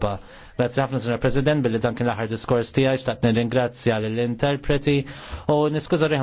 Ewropa. Grazzi ħafna, Sr. President, billi dan kien l-aħħar diskors tiegħi, xtaqt nirringrazzja lill-interpreti u niskuża